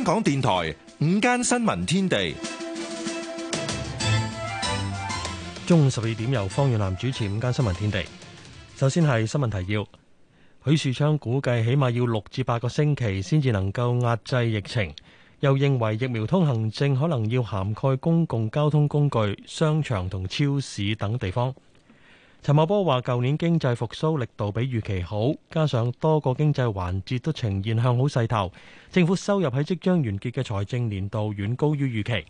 香港電台午間新聞天地，中午十二點由方遠南主持《午間新聞天地》。首先係新聞提要：許樹昌估計起碼要六至八個星期先至能夠壓制疫情，又認為疫苗通行證可能要涵蓋公共交通工具、商場同超市等地方。陳茂波話，舊年經濟復蘇力度比預期好，加上多個經濟環節都呈現向好勢頭，政府收入喺即將完結嘅財政年度遠高於預期。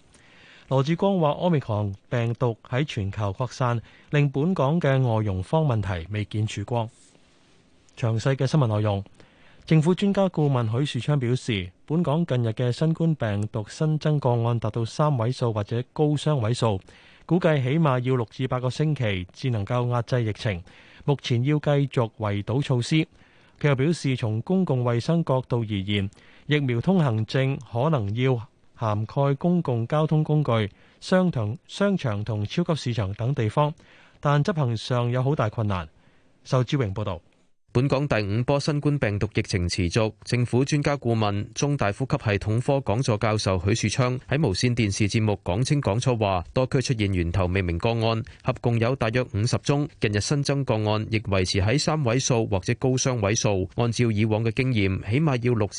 羅致光話，Omicron 病毒喺全球擴散，令本港嘅外傭荒問題未見曙光。詳細嘅新聞內容，政府專家顧問許樹昌表示，本港近日嘅新冠病毒新增個案達到三位數或者高雙位數。估計起碼要六至八個星期至能夠壓制疫情，目前要繼續圍堵措施。佢又表示，從公共衛生角度而言，疫苗通行證可能要涵蓋公共交通工具、商場商場同超級市場等地方，但執行上有好大困難，受志榮報道。本港第五波新冠病毒疫情持續，政府專家顧問、中大呼吸系統科講座教授許樹昌喺無線電視節目《講清講錯》話：多區出現源頭未明個案，合共有大約50宗，近日新增個案亦維持喺三位數或者高雙位數，按照以往嘅經驗起碼要6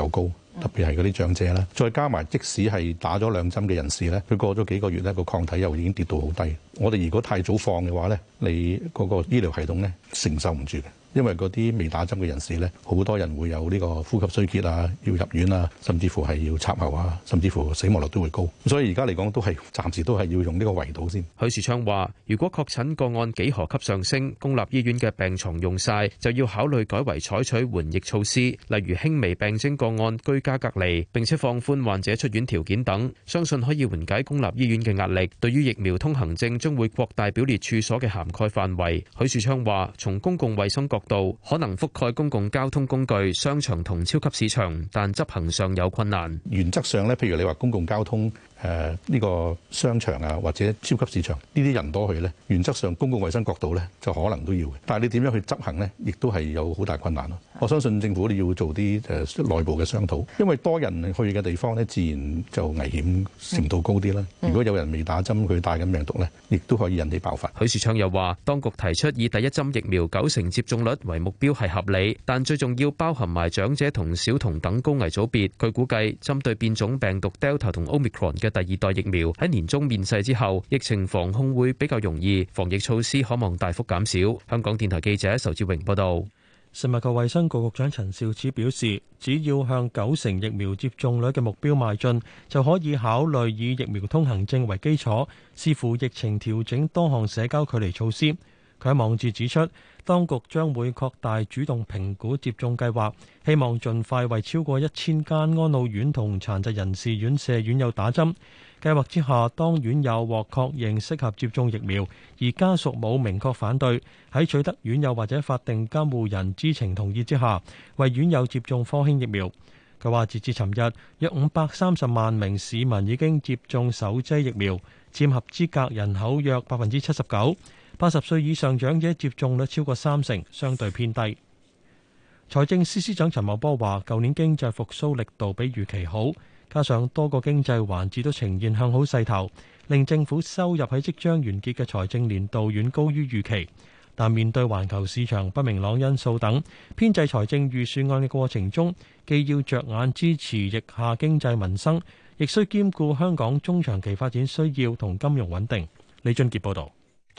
又高，特別係嗰啲長者啦，再加埋即使係打咗兩針嘅人士咧，佢過咗幾個月咧，個抗體又已經跌到好低。我哋如果太早放嘅話咧，你嗰個醫療系統咧，承受唔住嘅。因為嗰啲未打針嘅人士呢，好多人會有呢個呼吸衰竭啊，要入院啊，甚至乎係要插喉啊，甚至乎死亡率都會高。所以而家嚟講都係暫時都係要用呢個圍堵先。許樹昌話：如果確診個案幾何級上升，公立醫院嘅病牀用曬，就要考慮改為採取緩疫措施，例如輕微病徵個案居家隔離，並且放寬患者出院條件等，相信可以緩解公立醫院嘅壓力。對於疫苗通行證，將會擴大表列處所嘅涵蓋範圍。許樹昌話：從公共衛生角度可能覆蓋公共交通工具、商場同超級市場，但執行上有困難。原則上呢，譬如你話公共交通。誒呢個商場啊，或者超級市場呢啲人多去咧，原則上公共衞生角度咧就可能都要嘅。但係你點樣去執行咧，亦都係有好大困難咯。我相信政府你要做啲誒內部嘅商討，因為多人去嘅地方咧，自然就危險程度高啲啦。如果有人未打針，佢帶緊病毒咧，亦都可以引起爆發。許樹昌又話，當局提出以第一針疫苗九成接種率為目標係合理，但最重要包含埋長者同小童等高危組別。佢估計針對變種病毒 Delta 同 Omicron 嘅。第二代疫苗喺年中面世之後，疫情防控會比較容易，防疫措施可望大幅減少。香港電台記者仇志榮報道，食物及衛生局局長陳肇始表示，只要向九成疫苗接種率嘅目標邁進，就可以考慮以疫苗通行證為基礎，視乎疫情調整多項社交距離措施。佢喺網誌指出，當局將會擴大主動評估接種計劃，希望盡快為超過一千間安老院同殘疾人士院舍院友打針。計劃之下，當院友獲確認適合接種疫苗，而家屬冇明確反對，喺取得院友或者法定監護人知情同意之下，為院友接種科興疫苗。佢話：截至尋日，約五百三十萬名市民已經接種首劑疫苗，佔合資格人口約百分之七十九。八十歲以上長者接種率超過三成，相對偏低。財政司司長陳茂波話，舊年經濟復蘇力度比預期好，加上多個經濟環節都呈現向好勢頭，令政府收入喺即將完結嘅財政年度遠高於預期。但面對環球市場不明朗因素等，編制財政預算案嘅過程中，既要着眼支持疫下經濟民生，亦需兼顧香港中長期發展需要同金融穩定。李俊杰報道。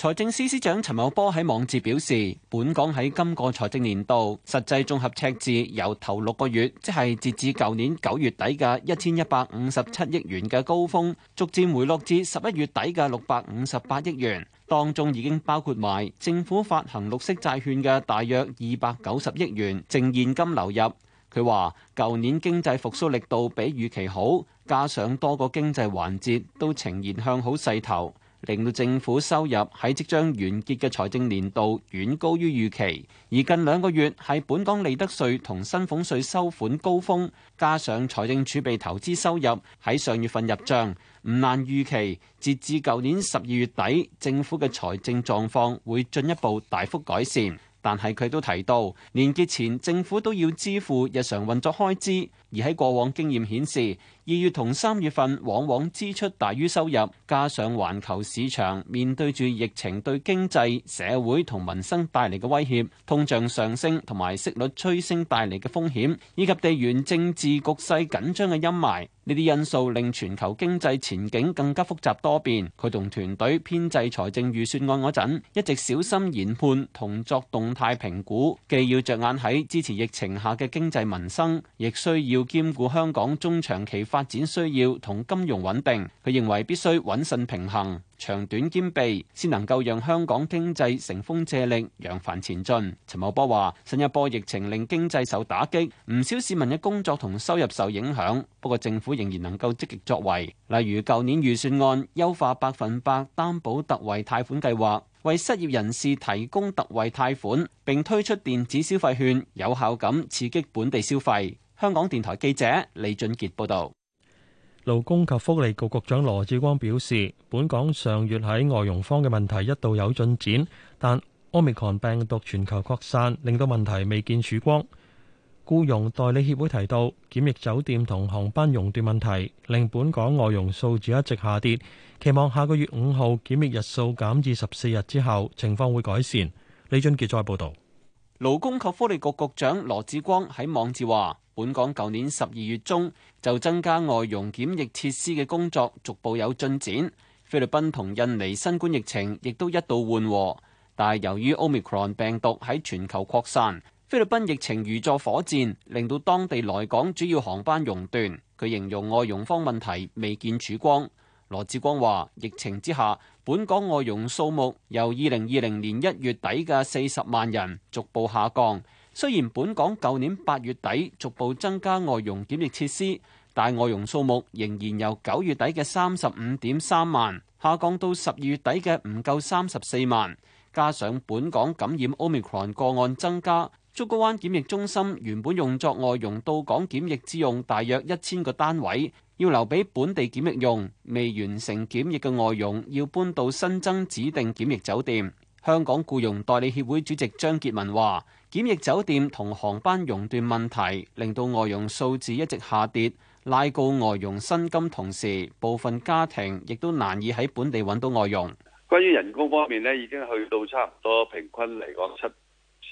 財政司司長陳茂波喺網誌表示，本港喺今個財政年度實際綜合赤字由頭六個月，即係截至舊年九月底嘅一千一百五十七億元嘅高峰，逐漸回落至十一月底嘅六百五十八億元。當中已經包括埋政府發行綠色債券嘅大約二百九十億元淨現金流入。佢話，舊年經濟復甦力度比預期好，加上多個經濟環節都呈現向好勢頭。令到政府收入喺即將完結嘅財政年度遠高於預期，而近兩個月係本港利得稅同薪俸稅收款高峰，加上財政儲備投資收入喺上月份入賬，唔難預期截至舊年十二月底，政府嘅財政狀況會進一步大幅改善。但係佢都提到，年結前政府都要支付日常運作開支。而喺過往經驗顯示，二月同三月份往往支出大於收入，加上環球市場面對住疫情對經濟、社會同民生帶嚟嘅威脅，通脹上升同埋息率推升帶嚟嘅風險，以及地緣政治局勢緊張嘅陰霾，呢啲因素令全球經濟前景更加複雜多變。佢同團隊編製財政預算案嗰陣，一直小心研判同作動態評估，既要着眼喺支持疫情下嘅經濟民生，亦需要，兼顧香港中長期發展需要同金融穩定，佢認為必須穩慎平衡，長短兼備，先能夠讓香港經濟乘風借力，揚帆前進。陳茂波話，新一波疫情令經濟受打擊，唔少市民嘅工作同收入受影響。不過政府仍然能夠積極作為，例如舊年預算案優化百分百擔保特惠貸款計劃，為失業人士提供特惠貸款，並推出電子消費券，有效咁刺激本地消費。香港電台記者李俊傑報道，勞工及福利局局長羅致光表示，本港上月喺外傭方嘅問題一度有進展，但奧密克戎病毒全球擴散令到問題未見曙光。僱傭代理協會提到，檢疫酒店同航班熔斷問題令本港外傭數字一直下跌，期望下個月五號檢疫日數減至十四日之後，情況會改善。李俊傑再報道。勞工及福利局局長羅志光喺網誌話：本港舊年十二月中就增加外傭檢疫設施嘅工作，逐步有進展。菲律賓同印尼新冠疫情亦都一度緩和，但係由於 Omicron 病毒喺全球擴散，菲律賓疫情如坐火箭，令到當地來港主要航班熔斷。佢形容外傭方問題未見曙光。羅志光話：疫情之下，本港外傭數目由二零二零年一月底嘅四十萬人逐步下降。雖然本港舊年八月底逐步增加外傭檢疫設施，但外傭數目仍然由九月底嘅三十五點三萬下降到十二月底嘅唔夠三十四萬。加上本港感染 Omicron 個案增加，竹篙灣檢疫中心原本用作外傭到港檢疫之用，大約一千個單位。要留俾本地檢疫用，未完成檢疫嘅外傭要搬到新增指定檢疫酒店。香港僱傭代理協會主席張傑文話：檢疫酒店同航班熔斷問題，令到外傭數字一直下跌，拉高外傭薪金。同時，部分家庭亦都難以喺本地揾到外傭。關於人工方面呢，已經去到差唔多平均嚟講七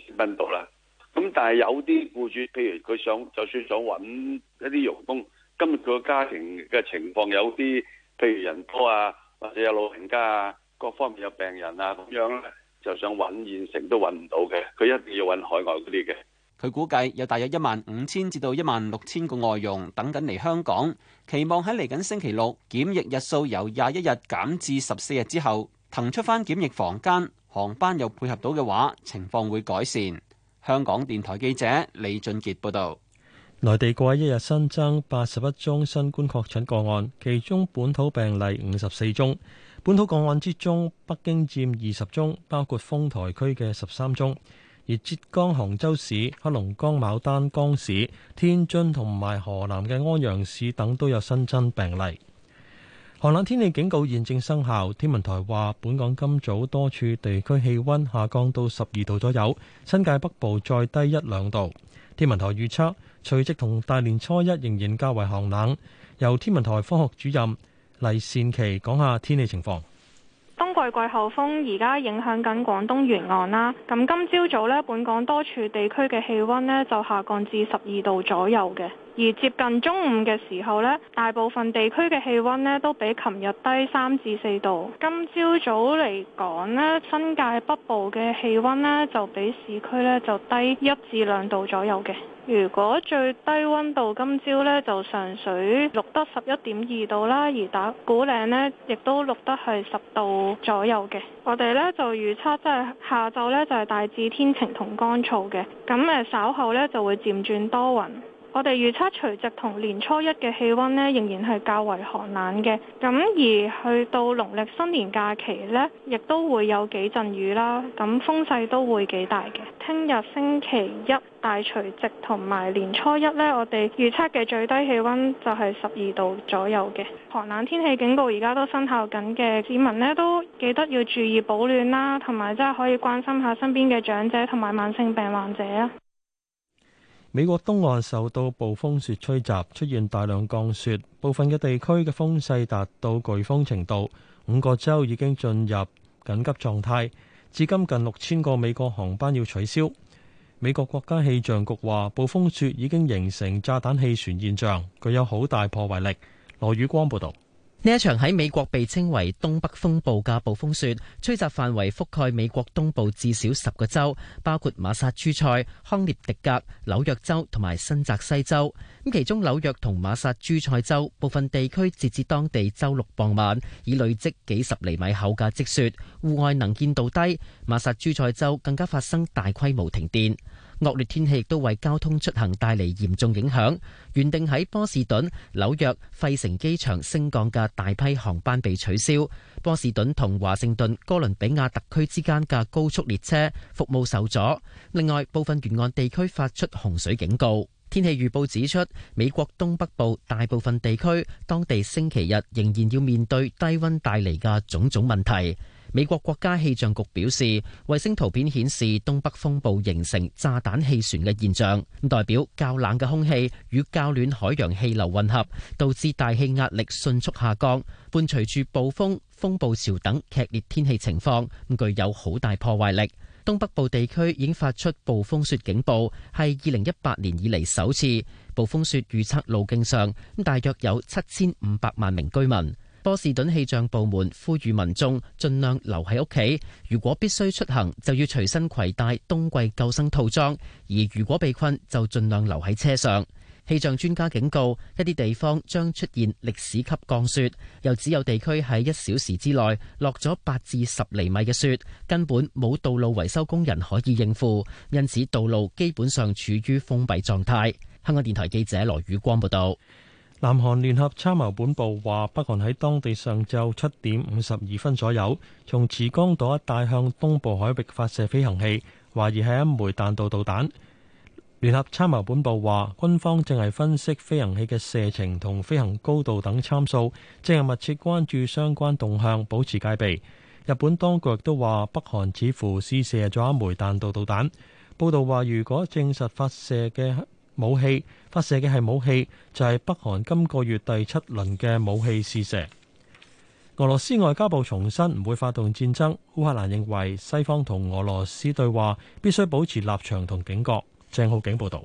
千蚊度啦。咁但係有啲僱主，譬如佢想就算想揾一啲傭工。今日個家庭嘅情況有啲，譬如人多啊，或者有老人家啊，各方面有病人啊，咁樣就想揾現成都揾唔到嘅，佢一定要揾海外嗰啲嘅。佢估計有大約一萬五千至到一萬六千個外傭等緊嚟香港，期望喺嚟緊星期六檢疫日數由廿一日減至十四日之後，騰出翻檢疫房間，航班又配合到嘅話，情況會改善。香港電台記者李俊傑報道。內地過一日新增八十一宗新冠確診個案，其中本土病例五十四宗。本土個案之中，北京佔二十宗，包括豐台區嘅十三宗。而浙江杭州市、黑龍江牡丹江市、天津同埋河南嘅安陽市等都有新增病例。寒冷天氣警告現正生效，天文台話本港今早多處地區氣温下降到十二度左右，新界北部再低一兩度。天文台預測。隨即同大年初一仍然較為寒冷。由天文台科學主任黎善琪講下天氣情況。冬季季候風而家影響緊廣東沿岸啦。咁今朝早呢，本港多處地區嘅氣温呢就下降至十二度左右嘅。而接近中午嘅時候呢，大部分地區嘅氣温呢都比琴日低三至四度。今朝早嚟講呢，新界北部嘅氣温呢就比市區呢就低一至兩度左右嘅。如果最低温度今朝咧就上水錄得十一點二度啦，而打鼓嶺咧亦都錄得係十度左右嘅。我哋咧就預測即係下晝咧就係大致天晴同乾燥嘅，咁誒稍後咧就會漸轉多雲。我哋預測除夕同年初一嘅氣温呢，仍然係較為寒冷嘅。咁而去到農曆新年假期呢，亦都會有幾陣雨啦。咁風勢都會幾大嘅。聽日星期一大除夕同埋年初一呢，我哋預測嘅最低氣温就係十二度左右嘅。寒冷天氣警告而家都生效緊嘅，市民呢，都記得要注意保暖啦，同埋真係可以關心下身邊嘅長者同埋慢性病患者啊。美國東岸受到暴風雪吹襲，出現大量降雪，部分嘅地區嘅風勢達到颶風程度，五個州已經進入緊急狀態。至今近六千個美國航班要取消。美國國家氣象局話，暴風雪已經形成炸彈氣旋現象，具有好大破壞力。羅宇光報道。呢一場喺美國被稱為東北風暴嘅暴風雪，吹襲範圍覆蓋美國東部至少十個州，包括馬薩諸塞、康涅狄格、紐約州同埋新澤西州。咁其中紐約同馬薩諸塞州部分地區截至當地週六傍晚已累積幾十厘米厚嘅積雪，戶外能見度低，馬薩諸塞州更加發生大規模停電。惡劣天氣亦都為交通出行帶嚟嚴重影響，原定喺波士頓、紐約、費城機場升降嘅大批航班被取消，波士頓同華盛頓、哥倫比亞特區之間嘅高速列車服務受阻。另外，部分沿岸地區發出洪水警告。天氣預報指出，美國東北部大部分地區當地星期日仍然要面對低溫帶嚟嘅種種問題。美國國家氣象局表示，衛星圖片顯示東北風暴形成炸彈氣旋嘅現象，代表較冷嘅空氣與較暖海洋氣流混合，導致大氣壓力迅速下降，伴隨住暴風、風暴潮等劇烈天氣情況，咁具有好大破壞力。東北部地區已經發出暴風雪警報，係二零一八年以嚟首次。暴風雪預測路徑上，大約有七千五百萬名居民。波士頓氣象部門呼籲民眾盡量留喺屋企，如果必須出行就要隨身攜帶冬季救生套裝，而如果被困就盡量留喺車上。氣象專家警告，一啲地方將出現歷史級降雪，又只有地區喺一小時之內落咗八至十厘米嘅雪，根本冇道路維修工人可以應付，因此道路基本上處於封閉狀態。香港電台記者羅宇光報道。南韓聯合參謀本部話，北韓喺當地上晝七點五十二分左右，從慈江道一帶向東部海域發射飛行器，懷疑係一枚彈道導彈。聯合參謀本部話，軍方正係分析飛行器嘅射程同飛行高度等參數，正係密切關注相關動向，保持戒備。日本當局亦都話，北韓似乎試射咗一枚彈道導彈。報道話，如果證實發射嘅武器發射嘅係武器，就係北韓今個月第七輪嘅武器試射。俄羅斯外交部重申唔會發動戰爭，烏克蘭認為西方同俄羅斯對話必須保持立場同警覺。鄭浩景報道。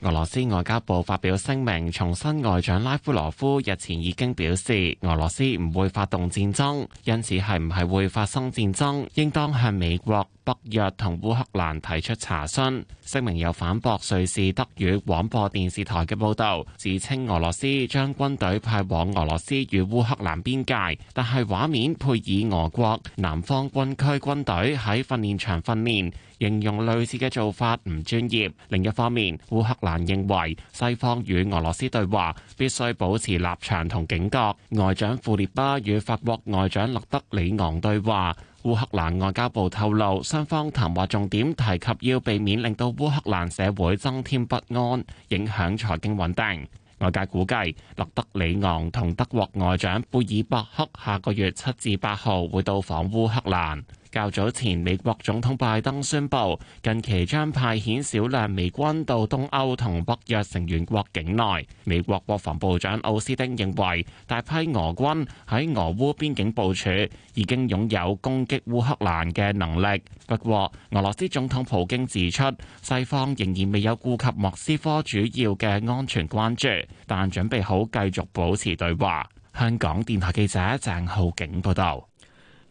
俄羅斯外交部發表聲明，重申外長拉夫羅夫日前已經表示俄羅斯唔會發動戰爭，因此係唔係會發生戰爭，應當向美國。北約同烏克蘭提出查詢，聲明，又反駁瑞士德語廣播電視台嘅報道，指稱俄羅斯將軍隊派往俄羅斯與烏克蘭邊界，但係畫面配以俄國南方軍區軍隊喺訓練場訓練，形容類似嘅做法唔專業。另一方面，烏克蘭認為西方與俄羅斯對話必須保持立場同警覺。外長庫列巴與法國外長勒德里昂對話。烏克蘭外交部透露，雙方談話重點提及要避免令到烏克蘭社會增添不安，影響財經穩定。外界估計，勒德里昂同德國外長貝爾伯克下個月七至八號會到訪烏克蘭。較早前，美國總統拜登宣布，近期將派遣少量美軍到東歐同北約成員國境內。美國國防部長奧斯丁認為，大批俄軍喺俄烏邊境部署，已經擁有攻擊烏克蘭嘅能力。不過，俄羅斯總統普京指出，西方仍然未有顧及莫斯科主要嘅安全關注，但準備好繼續保持對話。香港電台記者鄭浩景報道。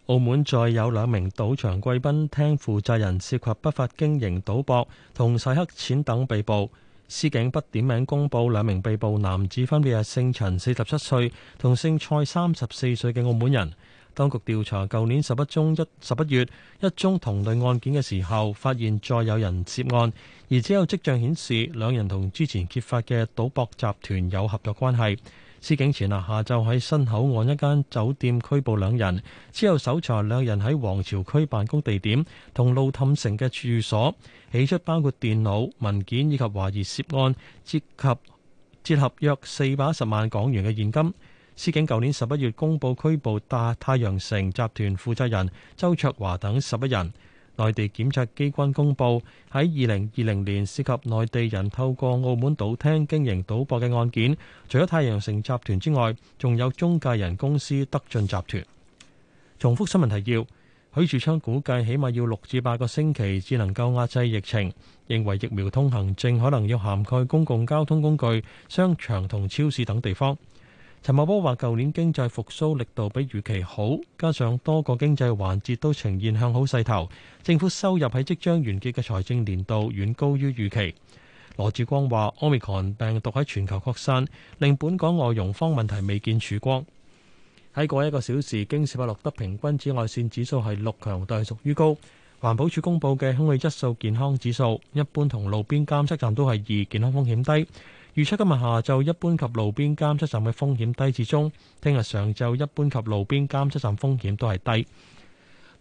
澳門再有兩名賭場貴賓廳負責人涉及不法經營賭博同洗黑錢等被捕，司警不點名公布兩名被捕男子分別係姓陳四十七歲同姓蔡三十四歲嘅澳門人。當局調查舊年十一宗，一十一月一宗同類案件嘅時候，發現再有人涉案，而只有跡象顯示兩人同之前揭發嘅賭博集團有合作關係。司警前日下晝喺新口岸一間酒店拘捕兩人，之後搜查兩人喺皇朝區辦公地點同路氹城嘅住所，起出包括電腦文件以及懷疑涉案涉及折合約四百一十萬港元嘅現金。司警舊年十一月公布拘捕大太陽城集團負責人周卓華等十一人。內地檢察機關公佈喺二零二零年涉及內地人透過澳門賭廳經營賭博嘅案件，除咗太陽城集團之外，仲有中介人公司德進集團。重複新聞提要，許樹昌估計起碼要六至八個星期至能夠壓制疫情，認為疫苗通行證可能要涵蓋公共交通工具、商場同超市等地方。陳茂波話，舊年經濟復蘇力度比預期好，加上多個經濟環節都呈現向好勢頭，政府收入喺即將完結嘅財政年度遠高於預期。羅致光話，Omicron 病毒喺全球擴散，令本港外傭荒問題未見曙光。喺過一個小時，京士柏錄得平均紫外線指數係六，強度屬於高。環保署公布嘅空氣質素健康指數，一般同路邊監測站都係二，健康風險低。預測今日下晝一般及路邊監測站嘅風險低至中，聽日上晝一般及路邊監測站風險都係低。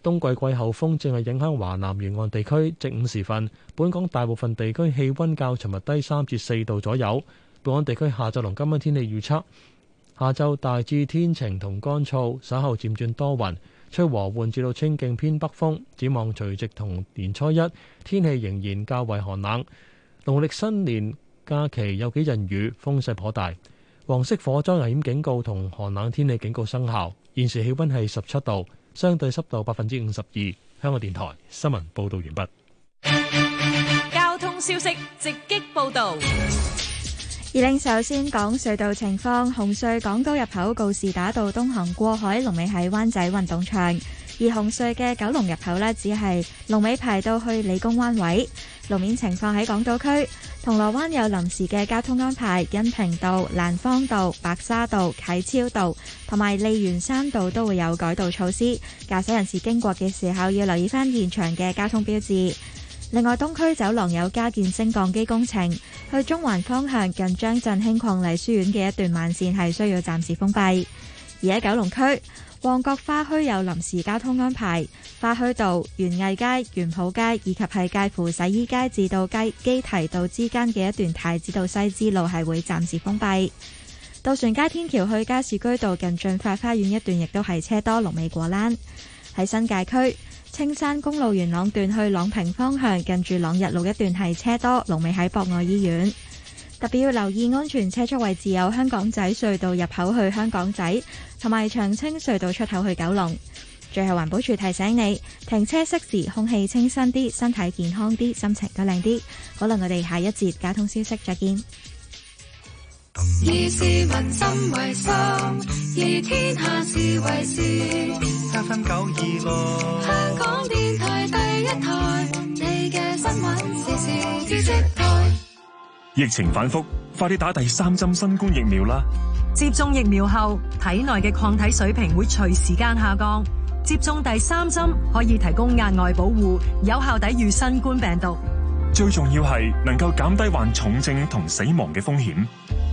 冬季季候風正係影響華南沿岸地區，正午時分，本港大部分地區氣温較尋日低三至四度左右。本港地區下晝同今晚天，天氣預測，下晝大致天晴同乾燥，稍後漸轉多雲，吹和緩至到清勁偏北風。展望除夕同年初一，天氣仍然較為寒冷。農曆新年假期有幾陣雨，風勢頗大。黃色火災危險警告同寒冷天氣警告生效。現時氣溫係十七度，相對濕度百分之五十二。香港電台新聞報道完畢。交通消息直擊報道。而令首先講隧道情況，紅隧港島入口告士打道東行過海龍尾喺灣仔運動場，而紅隧嘅九龍入口呢，只係龍尾排到去理工灣位。路面情況喺港島區銅鑼灣有臨時嘅交通安排，恩平道、蘭芳道、白沙道、啟超道同埋利園山道都會有改道措施，駕駛人士經過嘅時候要留意翻現場嘅交通標誌。另外，東區走廊有加建升降機工程，去中環方向近張振興伉儷書院嘅一段慢綫係需要暫時封閉。而喺九龍區，旺角花墟有臨時交通安排，花墟道、園藝街、園圃街以及係介乎洗衣街至道街、基堤道之間嘅一段太子道西支路係會暫時封閉。渡船街天橋去加士居道近駿發花園一段亦都係車多龍尾過欄。喺新界區青山公路元朗段去朗屏方向，近住朗日路一段係車多龍尾喺博愛醫院。特別要留意安全車速位置，有香港仔隧道入口去香港仔，同埋長青隧道出口去九龍。最後環保署提醒你，停車熄匙，空氣清新啲，身體健康啲，心情都靚啲。好啦，我哋下一節交通消息再見。以市民心為心，以天下事為事。香港電台第一台，你嘅新聞時事知識台。疫情反覆，快啲打第三針新冠疫苗啦！接種疫苗後，體內嘅抗體水平會隨時間下降。接種第三針可以提供額外保護，有效抵禦新冠病毒。最重要係能夠減低患重症同死亡嘅風險。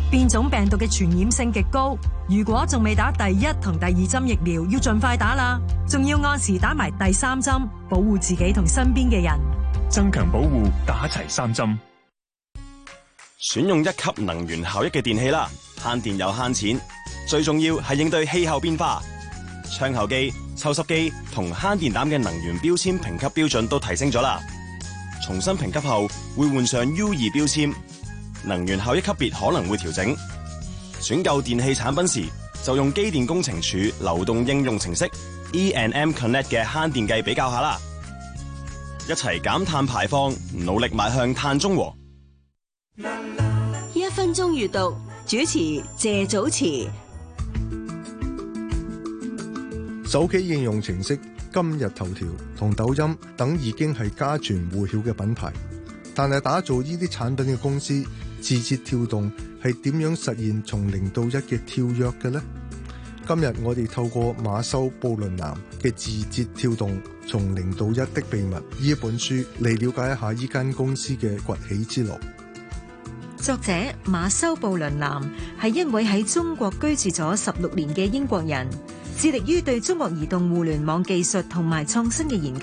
變種病毒嘅傳染性極高，如果仲未打第一同第二針疫苗，要盡快打啦！仲要按時打埋第三針，保護自己同身邊嘅人，增強保護，打齊三針。選用一級能源效益嘅電器啦，慳電又慳錢，最重要係應對氣候變化。窗口機、抽濕機同慳電膽嘅能源標籤評級標準都提升咗啦。重新評級後會換上 U 二標籤，能源效益級別可能會調整。選購電器產品時，就用機電工程署流動應用程式 E&M Connect 嘅慳電計比較下啦。一齊減碳排放，努力邁向碳中和。中閱讀主持謝祖慈，手機應用程式今日頭條同抖音等已經係家傳戶曉嘅品牌，但係打造呢啲產品嘅公司字節跳動係點樣實現從零到一嘅跳躍嘅呢？今日我哋透過馬修布倫南嘅《字節跳動：從零到一的秘密》呢本書嚟了解一下呢間公司嘅崛起之路。作者馬修·布倫南係一位喺中國居住咗十六年嘅英國人，致力於對中國移動互聯網技術同埋創新嘅研究。